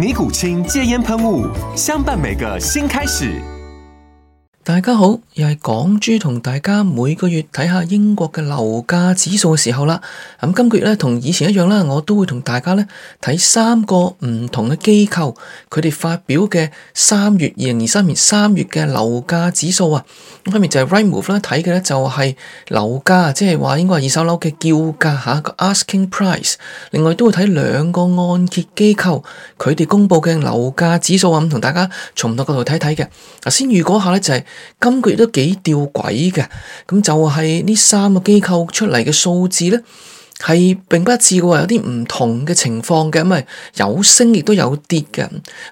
尼古清戒煙噴霧，相伴每個新開始。大家好，又係港豬同大家每個月睇下英國嘅樓價指數嘅時候啦。咁今個月咧，同以前一樣啦，我都會同大家咧睇三個唔同嘅機構，佢哋發表嘅三月二零二三年三月嘅樓價指數、right 就是、啊。咁分別就係 Rightmove 啦，睇嘅咧就係樓價，即係話應該係二手樓嘅叫價吓，個 asking price。另外都會睇兩個按揭機構，佢哋公佈嘅樓價指數啊，咁同大家從唔同角度睇睇嘅。嗱，先預估下咧就係、是。今個月都幾吊軌嘅，咁就係呢三個機構出嚟嘅數字呢，係並不一致嘅，有啲唔同嘅情況嘅，咁係有升亦都有跌嘅，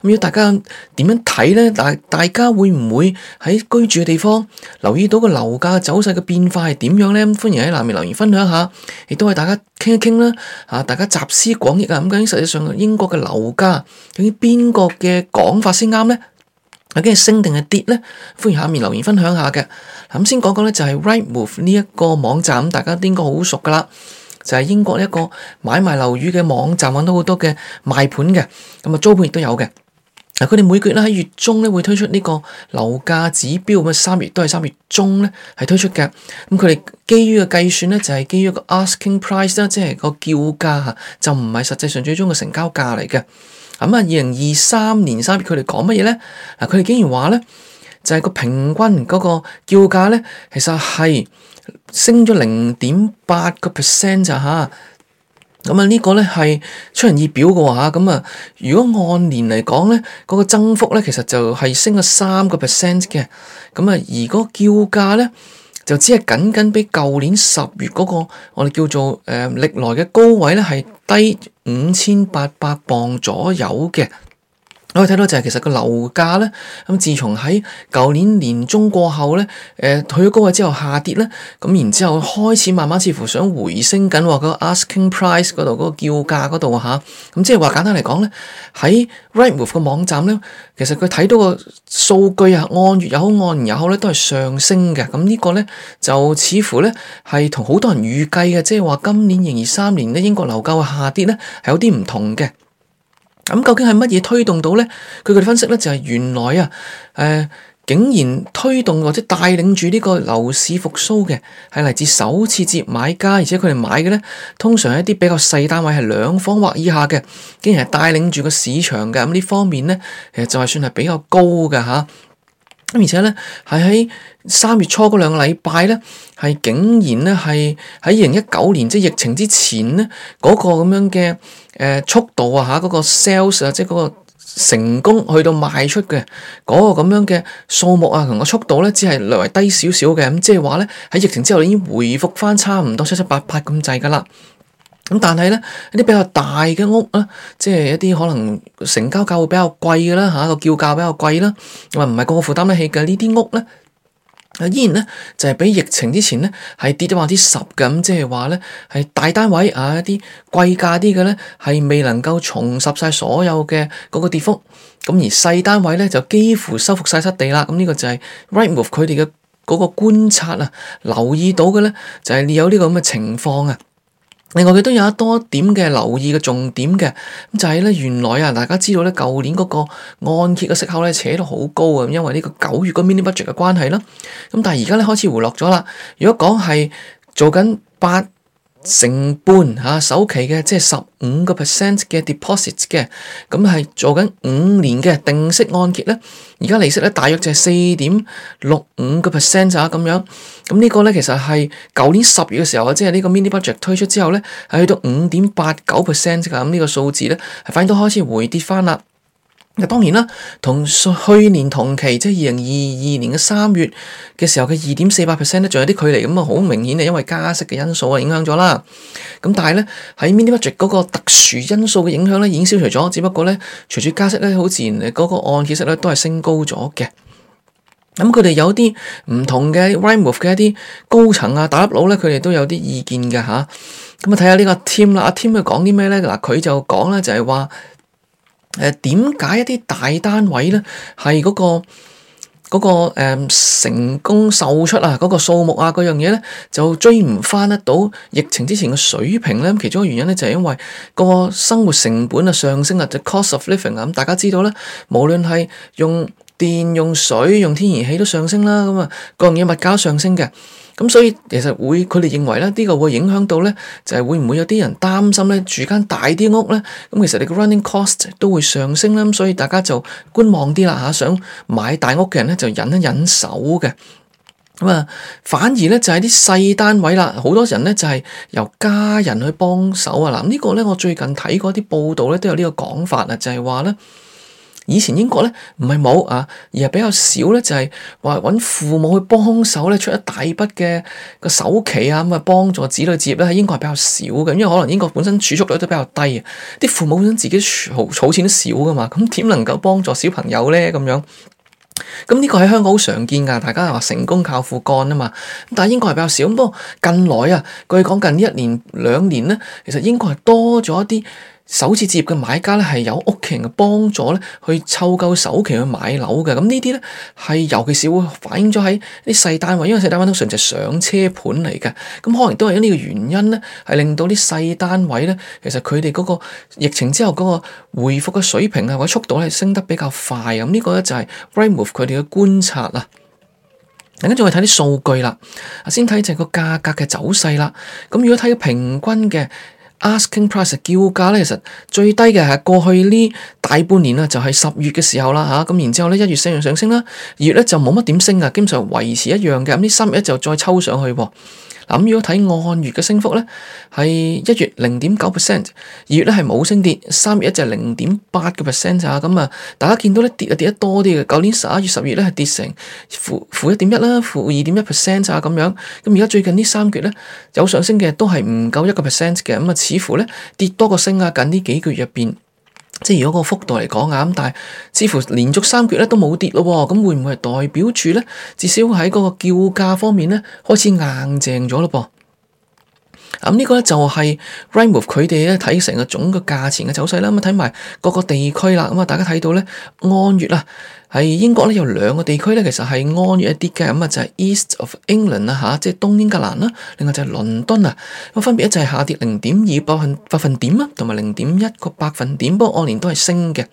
咁要大家點樣睇呢？大大家會唔會喺居住嘅地方留意到個樓價走勢嘅變化係點樣呢？歡迎喺下面留言分享下，亦都係大家傾一傾啦，吓大家集思廣益啊！咁究竟實質上英國嘅樓價，究竟邊個嘅講法先啱呢？嗱，跟住升定係跌咧，歡迎下面留言分享下嘅。咁先講講咧，就係 Rightmove 呢一個網站，大家都應該好熟噶啦，就係、是、英國一個買賣樓宇嘅網站，揾到好多嘅賣盤嘅，咁啊租盤亦都有嘅。嗱，佢哋每個月咧喺月中咧會推出呢個樓價指標，咁啊三月都係三月中咧係推出嘅。咁佢哋基於嘅計算咧，就係基於一個 asking price 啦，即係個叫價啊，就唔係實際上最終嘅成交價嚟嘅。咁啊，二零二三年三月佢哋講乜嘢咧？嗱，佢哋竟然話咧，就係、是、個平均嗰個叫價咧，其實係升咗零點八個 percent 咋嚇？咁啊，呢個咧係出人意表嘅話嚇。咁啊，如果按年嚟講咧，嗰、那個增幅咧其實就係升咗三個 percent 嘅。咁啊，如果叫價咧。就只係僅僅比舊年十月嗰、那個我哋叫做誒、呃、歷來嘅高位咧，係低五千八百鎊左右嘅。可以睇到就係其實個樓價咧，咁自從喺舊年年中過後咧，誒，退咗高位之後下跌咧，咁然之後開始慢慢似乎想回升緊話，個 asking price 嗰度嗰個叫價嗰度啊嚇，咁、嗯、即係話簡單嚟講咧，喺 Rightmove 個網站咧，其實佢睇到個數據啊，按月又好按年又好咧，都係上升嘅。咁、這個、呢個咧就似乎咧係同好多人預計嘅，即係話今年二零二三年咧英國樓價會下跌咧係有啲唔同嘅。咁究竟係乜嘢推動到咧？佢哋分析咧就係原來啊，誒、呃，竟然推動或者帶領住呢個樓市復甦嘅，係嚟自首次置業買家，而且佢哋買嘅咧通常一啲比較細單位係兩房或以下嘅，竟然係帶領住個市場嘅。咁呢方面咧，其實就係算係比較高嘅吓。咁而且咧，係喺三月初嗰兩個禮拜咧，係竟然咧，係喺二零一九年即係疫情之前咧，嗰個咁樣嘅誒速度啊，嚇嗰個 sales 啊，即係嗰個成功去到賣出嘅嗰個咁樣嘅數目啊，同個速度咧，只係略為低少少嘅，咁即係話咧喺疫情之後已經回復翻差唔多七七八八咁滯噶啦。7, 8, 8, 8但係呢，一啲比較大嘅屋呢，即係一啲可能成交價會比較貴嘅啦吓，個、啊、叫價比較貴啦，或唔係個個負擔得起嘅呢啲屋呢，依然呢，就係、是、比疫情之前呢，係跌咗百分之十咁，即係話呢，係大單位啊一啲貴價啲嘅呢，係未能夠重拾晒所有嘅嗰個跌幅，咁而細單位呢，就幾乎收復晒失地啦。咁、啊、呢、這個就係 Rightmove 佢哋嘅嗰個觀察啊，留意到嘅呢，就係、是、你有呢個咁嘅情況啊。另外佢都有一多點嘅留意嘅重點嘅，就係咧原來啊，大家知道咧，舊年嗰個按揭嘅息口咧扯得好高啊，因為呢個九月個 mini budget 嘅關係啦。咁但係而家咧開始回落咗啦。如果講係做緊八成半嚇、啊、首期嘅，即係十五個 percent 嘅 deposit 嘅，咁係、嗯、做緊五年嘅定息按揭咧。而家利息咧，大約就係四點六五個 percent 啊，咁樣。咁、嗯這個、呢個咧，其實係舊年十月嘅時候啊，即係呢個 mini budget 推出之後咧，係去到五點八九 percent 啊。咁、嗯這個、呢個數字咧，係反而都開始回跌翻啦。嗱，當然啦，同去年同期，即係二零二二年嘅三月嘅時候嘅二點四八 percent 咧，仲有啲距離咁啊，好明顯係，因為加息嘅因素啊，影響咗啦。咁但係咧喺 mini budget 嗰個特殊因素嘅影響咧，已經消除咗，只不過咧隨住加息咧，好自然嗰、那個按揭息咧都係升高咗嘅。咁佢哋有啲唔同嘅 Rightmove 嘅一啲高層啊、大粒佬咧，佢哋都有啲意見嘅吓，咁啊，睇下、啊、呢個 Tim 啦，阿 Tim 佢講啲咩咧？嗱，佢就講咧就係話。誒點解一啲大單位咧係嗰個嗰、嗰個呃、成功售出啊嗰、嗰個數目啊嗰樣嘢咧就追唔翻得到疫情之前嘅水平咧？其中一個原因咧就係、係、因為個生活成本啊上升啊 the cost of living 啊。咁大家知道咧，無論係用電用水用天然氣都上升啦。咁啊，各樣嘢物價都上升嘅。咁所以其實會佢哋認為咧，呢個會影響到咧，就係會唔會有啲人擔心咧，住間大啲屋咧，咁其實你個 running cost 都會上升啦，咁所以大家就觀望啲啦嚇，想買大屋嘅人咧就忍一忍手嘅。咁啊，反而咧就係啲細單位啦，好多人咧就係由家人去幫手啊嗱，呢個咧我最近睇過啲報道咧都有呢個講法啊，就係話咧。以前英國咧唔係冇啊，而係比較少咧，就係話揾父母去幫手咧，出一大筆嘅個首期啊咁啊，幫助子女置業咧。喺英國係比較少嘅，因為可能英國本身儲蓄率都比較低啊，啲父母本身自己儲儲錢都少噶嘛，咁點能夠幫助小朋友咧咁樣？咁呢個喺香港好常見噶，大家話成功靠父幹啊嘛，但係英國係比較少。不過近來啊，據講近呢一年兩年咧，其實英國係多咗一啲。首次置業嘅買家咧，係有屋企人嘅幫助咧，去湊夠首期去買樓嘅。咁呢啲咧，係尤其是會反映咗喺啲細單位，因為細單位通常就係上車盤嚟嘅，咁可能都係因呢個原因咧，係令到啲細單位咧，其實佢哋嗰個疫情之後嗰個回復嘅水平啊或者速度咧，升得比較快啊，咁呢個咧就係 Rightmove 佢哋嘅觀察啊。跟住我哋睇啲數據啦，先睇就係個價格嘅走勢啦，咁如果睇平均嘅。Asking price 叫價咧，其實最低嘅係過去呢大半年啦，就係、是、十月嘅時候啦嚇，咁、啊、然之後咧一月、二月上升啦，二月咧就冇乜點升啊，經常維持一樣嘅，咁呢三月就再抽上去、哦。咁如果睇按月嘅升幅咧，係一月零點九 percent，二月咧係冇升跌，三月一就係零點八個 percent 啊，咁啊，大家見到咧跌啊跌得多啲嘅，舊年十一月十月咧係跌成負負一點一啦，負二點一 percent 啊咁樣，咁而家最近三個呢三個月咧有上升嘅都係唔夠一個 percent 嘅，咁啊似乎咧跌多過升啊，近呢幾個月入邊。即係如果個幅度嚟講啊，咁但係似乎連續三個月咧都冇跌咯喎，咁會唔會係代表住咧至少喺嗰個叫價方面咧開始硬淨咗咯噃？咁呢個咧就係 Rightmove 佢哋咧睇成個總個價錢嘅走勢啦。咁睇埋各個地區啦，咁啊大家睇到咧，按月啊喺英國咧有兩個地區咧，其實係按月一啲嘅。咁啊就係、是、East of England 啦，嚇，即係東英格蘭啦。另外就係倫敦啊，咁分別一就係下跌零點二百分百分點啦，同埋零點一個百分點。不過按年都係升嘅。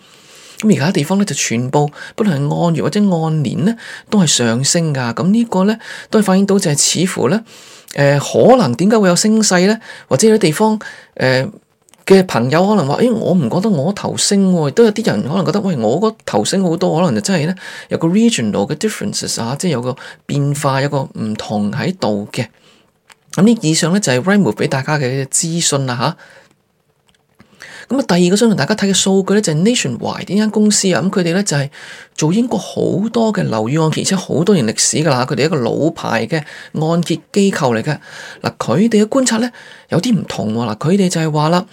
咁而其他地方咧就全部，不論係按月或者按年咧都係上升噶。咁、這個、呢個咧都係反映到就係似乎咧。呃、可能點解會有升勢呢？或者有啲地方嘅、呃、朋友可能話，誒、欸、我唔覺得我投升喎、啊，都有啲人可能覺得，喂，我覺得投升好多，可能就真係呢，有個 regional 嘅 differences 啊，即係有個變化，有個唔同喺度嘅。咁、嗯、呢以上呢，就係、是、Raymond 俾大家嘅資訊啦，嚇、啊。咁第二個想同大家睇嘅數據咧，就係 Nationwide 呢間公司。咁佢哋呢，就係做英國好多嘅樓宇按揭，而且好多年歷史噶啦，佢哋一個老牌嘅按揭機構嚟嘅。嗱，佢哋嘅觀察呢，有啲唔同喎，嗱，佢哋就係話啦，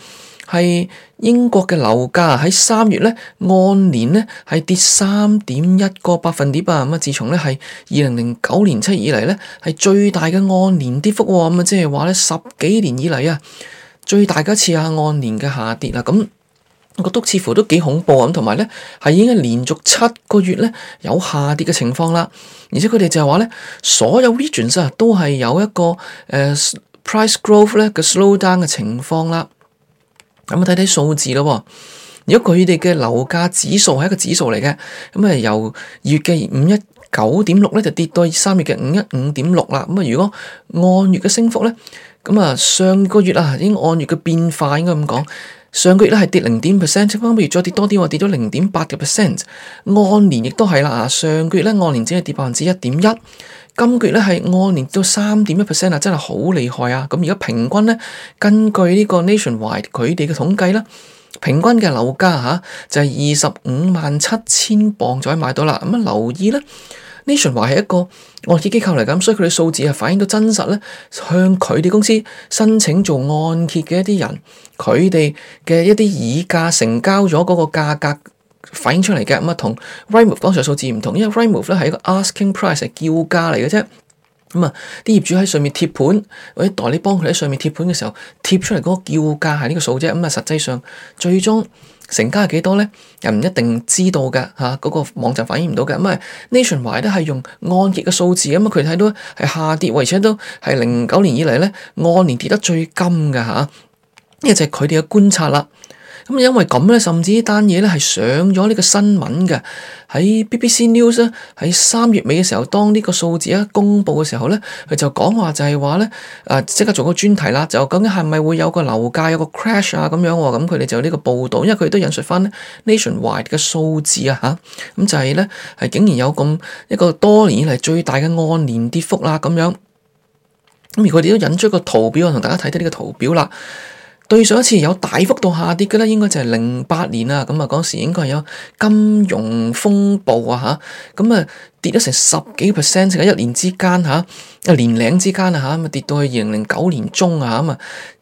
係英國嘅樓價喺三月呢，按年呢係跌三點一個百分點啊，咁自從呢，係二零零九年七月以嚟呢，係最大嘅按年跌幅，咁即係話呢，十幾年以嚟啊。最大嘅一次啊，按年嘅下跌啦，咁我覺得似乎都幾恐怖啊，同埋咧係已經係連續七個月咧有下跌嘅情況啦，而且佢哋就係話咧，所有 regions 啊都係有一個誒、uh, price growth 嘅 slow down 嘅情況啦，咁啊睇睇數字咯，如果佢哋嘅樓價指數係一個指數嚟嘅，咁、嗯、啊由二月嘅五一九點六咧就跌到三月嘅五一五點六啦，咁、嗯、啊如果按月嘅升幅咧。咁啊，上個月啊，已經按月嘅變化應該咁講，上個月咧係跌零點 percent，即係今個月再跌多啲，我跌咗零點八嘅 percent。按年亦都係啦，啊，上個月咧按年只係跌百分之一點一，今個月咧係按年跌到三點一 percent 啊，真係好厲害啊！咁而家平均咧，根據呢個 Nationwide 佢哋嘅統計咧，平均嘅樓價吓就係二十五萬七千鎊就可以買到啦。咁啊，留意咧。Nationwide 係一個按揭機構嚟㗎，所以佢哋數字係反映到真實咧，向佢哋公司申請做按揭嘅一啲人，佢哋嘅一啲議價成交咗嗰個價格反映出嚟嘅。咁啊，同 Rightmove 當時嘅數字唔同，因為 Rightmove 咧係一個 asking price 嘅叫價嚟嘅啫。咁啊，啲業主喺上面貼盤，或者代理幫佢喺上面貼盤嘅時候，貼出嚟嗰個叫價係呢個數啫。咁啊，實際上最終。成交係幾多咧？又唔一定知道嘅，吓、啊、嗰、嗰個網站反映唔到嘅。咁啊，Nationwide 都係用按月嘅數字，咁啊佢睇到係下跌，而且都係零九年以嚟咧按年跌得最金嘅，吓、啊、呢個就係佢哋嘅觀察啦。咁因為咁咧，甚至呢單嘢咧係上咗呢個新聞嘅，喺 BBC News 咧，喺三月尾嘅時候，當呢個數字一公佈嘅時候咧，佢就講話就係話咧，啊、呃、即刻做個專題啦，就究竟係咪會有個樓價有個 crash 啊咁樣喎？咁佢哋就呢個報導，因為佢哋都引述翻咧 Nationwide 嘅數字啊嚇，咁就係咧係竟然有咁一個多年以嚟最大嘅按年跌幅啦咁樣。咁而佢哋都引出個圖表，我同大家睇睇呢個圖表啦。對上一次有大幅度下跌嘅咧，應該就係零八年啦。咁啊，嗰時應該係有金融風暴啊嚇，咁啊跌咗成十幾 percent，一年之間嚇，一、啊、年零之間啊嚇，咁啊跌到去二零零九年中啊咁啊，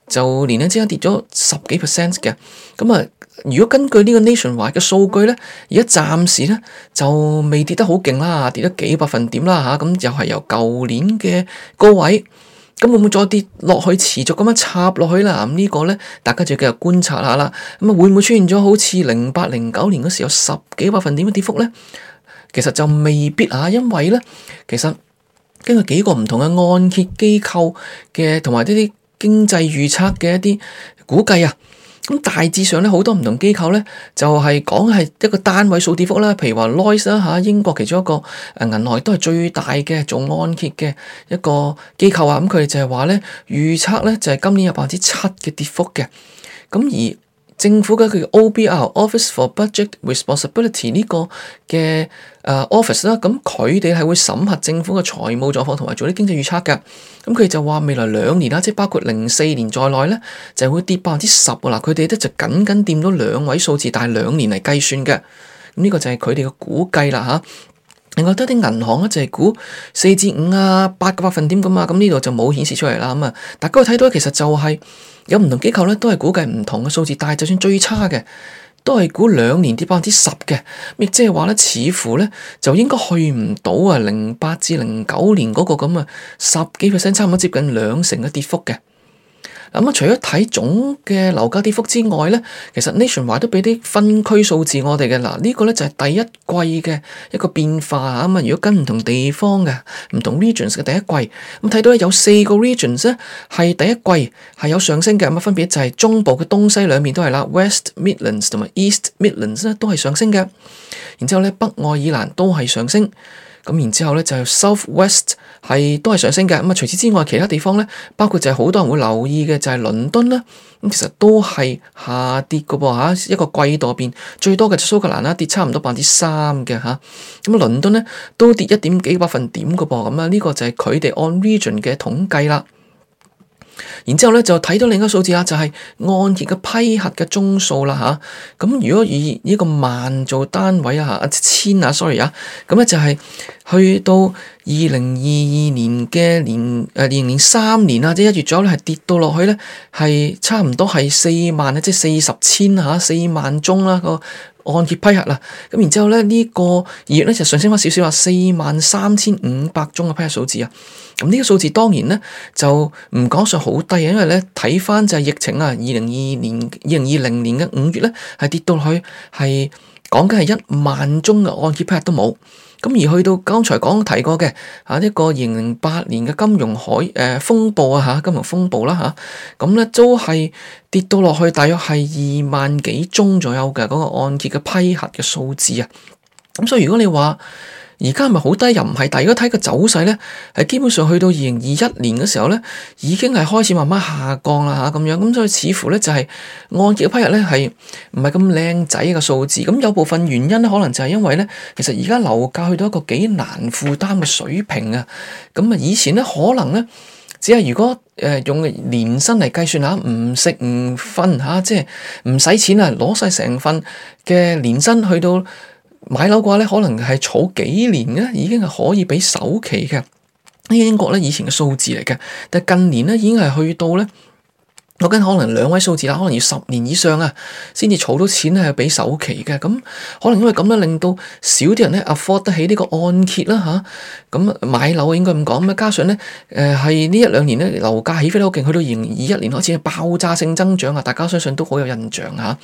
就年零之間跌咗十幾 percent 嘅。咁啊，如果根據呢個 Nationwide 嘅數據咧，而家暫時咧就未跌得好勁啦，跌咗幾百分點啦嚇，咁、啊啊、又係由舊年嘅高位。咁會唔會再跌落去，持續咁樣插落去啦？咁、這、呢個呢，大家就繼續觀察下啦。咁啊，會唔會出現咗好似零八、零九年嗰時有十幾百分點嘅跌幅呢？其實就未必啊，因為呢，其實根據幾個唔同嘅按揭機構嘅同埋呢啲經濟預測嘅一啲估計啊。咁大致上咧，好多唔同機構咧，就係講係一個單位數跌幅啦。譬如話 Lois 啦吓，英國其中一個誒銀行都係最大嘅做按揭嘅一個機構啊。咁佢哋就係話咧，預測咧就係今年有百分之七嘅跌幅嘅。咁而政府嘅佢 OBR Office for Budget Responsibility 呢個嘅、uh, Office 啦、啊，咁佢哋係會審核政府嘅財務狀況同埋做啲經濟預測嘅。咁、嗯、佢就話未來兩年啦，即係包括零四年在內咧，就會跌百分之十嘅啦。佢哋咧就僅僅掂到兩位數字，但係兩年嚟計算嘅，咁、嗯、呢、這個就係佢哋嘅估計啦嚇。另外都啲銀行咧就係估四至五啊八個百分點咁啊，咁呢度就冇顯示出嚟啦咁啊。大家睇到其實就係、是。有唔同機構咧，都係估計唔同嘅數字，但係就算最差嘅，都係估兩年跌百分之十嘅，亦即係話咧，似乎咧就應該去唔到啊，零八至零九年嗰個咁啊，十幾 percent，差唔多接近兩成嘅跌幅嘅。除咗睇總嘅樓價跌幅之外咧，其實 Nationwide 都畀啲分區數字我哋嘅嗱，呢個咧就係第一季嘅一個變化嚇咁啊。如果跟唔同地方嘅唔同 regions 嘅第一季，咁睇到有四個 regions 咧係第一季係有上升嘅，咁分別就係中部嘅東西兩面都係啦，West Midlands 同埋 East Midlands 咧都係上升嘅，然之後咧北愛爾蘭都係上升。咁然之後咧就係、South West 係都係上升嘅，咁啊除此之外其他地方咧，包括就係好多人會留意嘅就係、係、倫敦啦，咁其實都係下跌嘅噃嚇，一個季度變最多嘅蘇格蘭啦，跌差唔多百分之三嘅嚇，咁啊倫敦咧都跌一點幾百分點嘅噃，咁啊呢個就係佢哋按 region 嘅統計啦。然之後咧就睇到另一個數字、就是、數啊，就係按揭嘅批核嘅宗數啦嚇。咁如果以呢個萬做單位啊嚇，一千啊，sorry 啊，咁、嗯、咧就係、是、去到二零二二年嘅年誒、呃，年年三年啊，即一月左右咧係跌到落去咧，係差唔多係四萬 40, 000, 啊，即四十千嚇，四萬宗啦個按揭批核啊。咁然之後咧呢、這個二月咧就上升翻少少啊，四萬三千五百宗嘅批核數字啊。咁呢個數字當然咧就唔講上好低，因為咧睇翻就係疫情啊，二零二二年、二零二零年嘅五月咧係跌到落去係講緊係一萬宗嘅按揭批核都冇，咁而去到剛才講提過嘅啊呢個二零零八年嘅金融海誒、呃、風暴啊吓，金融風暴啦吓，咁、啊、咧都係跌到落去大約係二萬幾宗左右嘅嗰、那個按揭嘅批核嘅數字啊，咁所以如果你話，而家係咪好低又唔係，但係如果睇個走勢咧，係基本上去到二零二一年嘅時候咧，已經係開始慢慢下降啦嚇咁樣，咁所以似乎咧就係、是、按揭批入咧係唔係咁靚仔嘅數字，咁有部分原因咧可能就係因為咧，其實而家樓價去到一個幾難負擔嘅水平啊，咁啊以前咧可能咧只係如果誒、呃、用年薪嚟計算下，唔食唔瞓嚇，即係唔使錢啊，攞晒成份嘅年薪去到。買樓嘅話咧，可能係儲幾年咧，已經係可以畀首期嘅。英國咧以前嘅數字嚟嘅，但係近年咧已經係去到咧。我跟可能兩位數字啦，可能要十年以上啊，先至儲到錢咧，俾首期嘅。咁可能因為咁樣，令到少啲人呢 afford 得起呢個按揭啦吓，咁買樓啊，應該咁講。加上呢誒係呢一兩年呢，樓價起飛得好勁，去到二零二一年開始爆炸性增長啊！大家相信都好有印象嚇。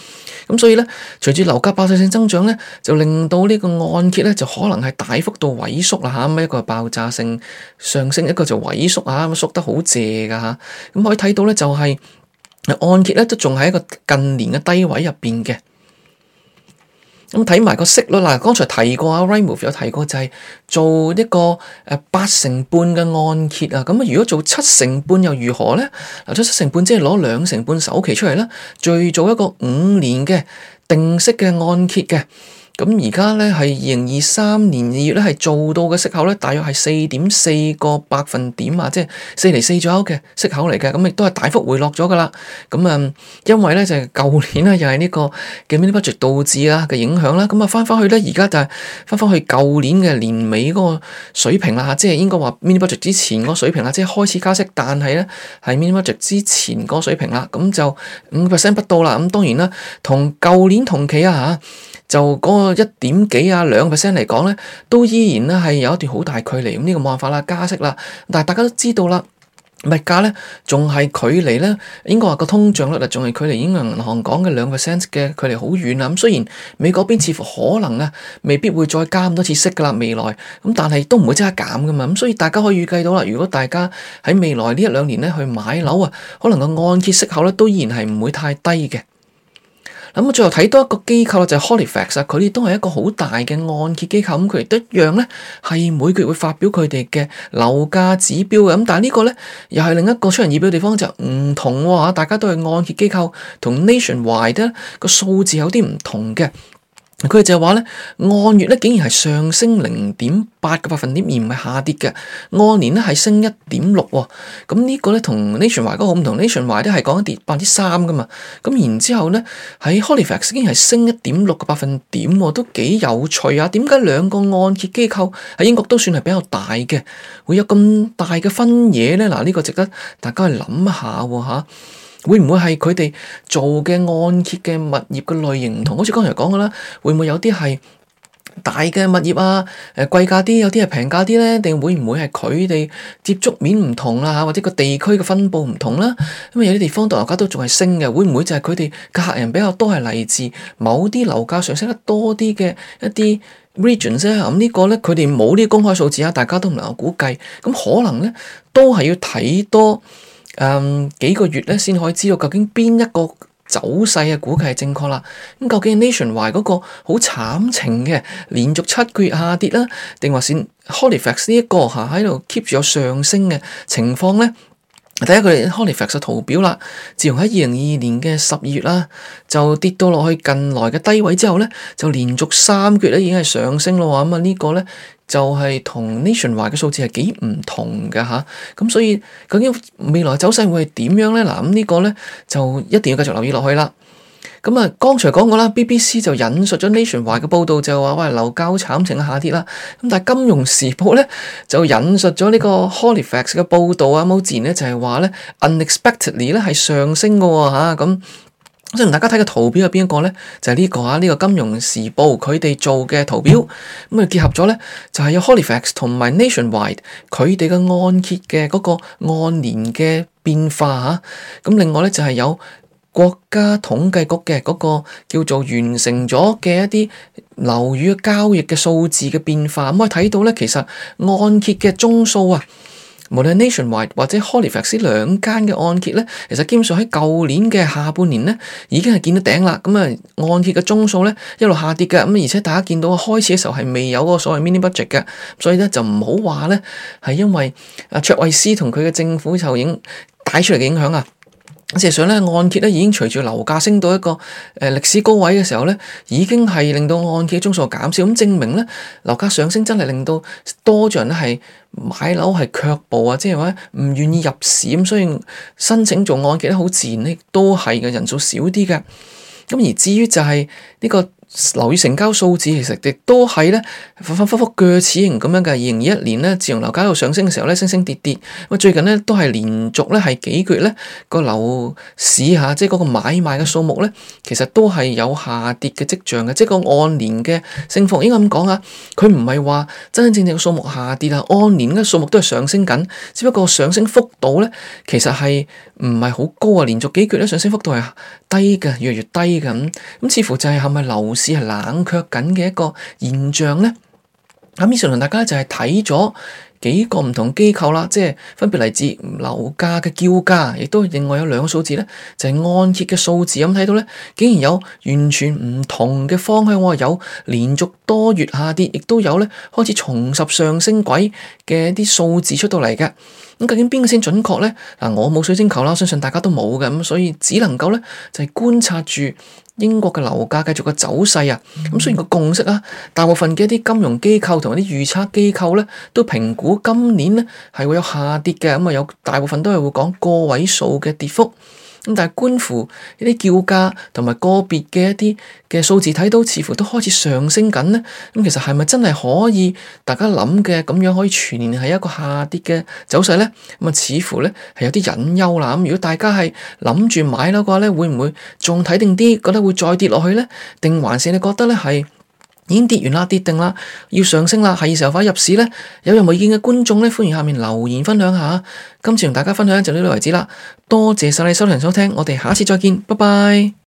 咁所以呢，隨住樓價爆炸性增長呢，就令到呢個按揭呢，就可能係大幅度萎縮啦吓，咁一個爆炸性上升，一個就萎縮嚇，縮得好謝㗎吓，咁可以睇到呢就係。按揭咧都仲喺一個近年嘅低位入邊嘅。咁睇埋個息率嗱，剛才提過啊 Rightmove 有提過就係、是、做一個誒八成半嘅按揭啊，咁啊如果做七成半又如何咧？嗱做七成半即係攞兩成半首期出嚟咧，再做一個五年嘅定息嘅按揭嘅。咁而家咧係二零二三年二月咧係做到嘅息口咧，大約係四點四個百分點啊，即、就、係、是、四厘四左右嘅息口嚟嘅，咁亦都係大幅回落咗噶啦。咁、嗯、啊，因為咧就係、是、舊年啊，又係呢個嘅 mini budget 導致啊嘅影響啦。咁、嗯、啊，翻翻去咧，而家就係翻翻去舊年嘅年尾嗰個水平啦，即係應該話 mini budget 之前嗰個水平啦，即係開始加息，但係咧係 mini budget 之前嗰個水平啦，咁、嗯、就五 percent 不到啦。咁、嗯、當然啦，同舊年同期啊嚇。就嗰個一點幾啊兩 percent 嚟講咧，都依然咧係有一段好大距離。咁呢個冇辦法啦，加息啦。但係大家都知道啦，物價咧仲係距離咧應該話個通脹率啊，仲係距離英國銀行講嘅兩 percent 嘅距離好遠啦。咁雖然美國邊似乎可能啊未必會再加咁多次息噶啦，未來咁，但係都唔會即刻減噶嘛。咁所以大家可以預計到啦，如果大家喺未來呢一兩年咧去買樓啊，可能個按揭息口咧都依然係唔會太低嘅。咁我最後睇多一個機構啦，就係 Halifax，佢哋都係一個好大嘅按揭機構，咁佢哋一樣咧係每個月會發表佢哋嘅樓價指標嘅，咁但係呢個咧又係另一個出人意表嘅地方，就唔同喎嚇，大家都係按揭機構同 Nationwide 個數字有啲唔同嘅。佢哋就係話咧，按月咧竟然係上升零點八個百分點，而唔係下跌嘅。按年咧係升一點六喎。咁呢個咧同 Nationwide 嗰個好唔同，Nationwide 咧係講跌百分之三噶嘛。咁然之後咧喺 Halifax 竟然係升一點六個百分點，都幾有趣啊！點解兩個按揭機構喺英國都算係比較大嘅，會有咁大嘅分野咧？嗱，呢個值得大家去諗下喎、啊會唔會係佢哋做嘅按揭嘅物業嘅類型唔同？好似剛才講嘅啦，會唔會有啲係大嘅物業啊？誒貴價啲，有啲係平價啲咧？定會唔會係佢哋接觸面唔同啦？嚇，或者個地區嘅分佈唔同啦？咁啊，因為有啲地方到而家都仲係升嘅，會唔會就係佢哋嘅客人比較多係嚟自某啲樓價上升得多啲嘅一啲 region 啫、啊？咁、嗯這個、呢個咧，佢哋冇啲公開數字啊，大家都唔能夠估計。咁可能咧，都係要睇多嗯，um, 幾個月先可以知道究竟邊一個走勢嘅估計係正確啦。究竟 Nationwide 嗰個好慘情嘅連續七個月下跌啦，定或是 Halifax 呢一個喺度 keep 住有上升嘅情況呢？第一個係 Halifax 圖表啦，自從喺二零二二年嘅十二月啦，就跌到落去近來嘅低位之後呢，就連續三個月已經係上升咯喎。咁、嗯、啊、這個、呢個咧。就係同 Nationwide 嘅數字係幾唔同嘅吓，咁、啊、所以究竟未來走勢會係點樣咧？嗱、啊，咁、這個、呢個咧就一定要繼續留意落去啦。咁啊，剛才講過啦，BBC 就引述咗 Nationwide 嘅報道，就話喂樓價慘情下跌啦。咁、啊、但係《金融時報》呢咧就引述咗呢個 Halifax 嘅報導啊，無、嗯、自然咧就係話咧 unexpectedly 咧係上升嘅喎嚇咁。啊啊啊咁同大家睇嘅圖表係邊一個咧？就係呢個啊，呢個金融時報佢哋做嘅圖表，咁啊結合咗咧，就係有 Halifax 同埋 Nationwide 佢哋嘅按揭嘅嗰個按年嘅變化嚇。咁另外咧就係有國家統計局嘅嗰個叫做完成咗嘅一啲樓宇交易嘅數字嘅變化。咁可以睇到咧，其實按揭嘅宗數啊。無論 Nationwide 或者 Halifax 兩間嘅按揭咧，其實基本上喺舊年嘅下半年咧已經係見到頂啦。咁啊，按揭嘅宗數咧一路下跌嘅，咁而且大家見到啊開始嘅時候係未有嗰個所謂 mini budget 嘅，所以咧就唔好話咧係因為啊卓慧思同佢嘅政府受影帶出嚟嘅影響啊。事實上咧，按揭咧已經隨住樓價升到一個誒歷史高位嘅時候咧，已經係令到按揭宗數減少。咁證明咧，樓價上升真係令到多咗人咧係買樓係卻步啊，即係話唔願意入市。咁所以申請做按揭咧，好自然咧都係嘅人數少啲嘅。咁而至於就係呢個，樓宇成交數字其實亦都係咧反反覆覆鋸齒形咁樣嘅。二零二一年咧，自從樓價喺度上升嘅時候咧，升升跌跌。咁最近咧都係連續咧係幾個月咧個樓市吓，即係嗰個買賣嘅數目咧，其實都係有下跌嘅跡象嘅。即係個按年嘅升幅，應該咁講啊，佢唔係話真真正正嘅數目下跌啦，按年嘅數目都係上升緊，只不過上升幅度咧其實係唔係好高啊？連續幾個月咧上升幅度係低嘅，越嚟越低咁。咁似乎就係係咪樓市，只係冷卻緊嘅一個現象呢。咁以上同大家就係睇咗幾個唔同機構啦，即係分別嚟自樓價嘅叫價，亦都另外有兩個數字呢，就係按揭嘅數字。咁睇到呢，竟然有完全唔同嘅方向。我話有連續多月下跌，亦都有呢開始重拾上升軌嘅一啲數字出到嚟嘅。咁究竟邊個先準確呢？嗱，我冇水晶球啦，相信大家都冇嘅。咁所以只能夠呢，就係觀察住。英國嘅樓價繼續嘅走勢啊。咁雖然個共識啊，大部分嘅一啲金融機構同埋啲預測機構咧，都評估今年咧係會有下跌嘅，咁啊有大部分都係會講個位數嘅跌幅。但係觀乎一啲叫價同埋個別嘅一啲嘅數字睇到，似乎都開始上升緊呢咁、嗯、其實係咪真係可以大家諗嘅咁樣可以全年係一個下跌嘅走勢呢？咁、嗯、啊，似乎呢係有啲隱憂啦。咁如果大家係諗住買樓嘅話呢會唔會仲睇定啲？覺得會再跌落去呢？定還是你覺得呢係？已經跌完啦，跌定啦，要上升啦，係時候快啲入市咧。有任何意見嘅觀眾咧，歡迎下面留言分享下。今次同大家分享就到呢度為止啦。多謝曬你收聽收聽，我哋下次再見，拜拜。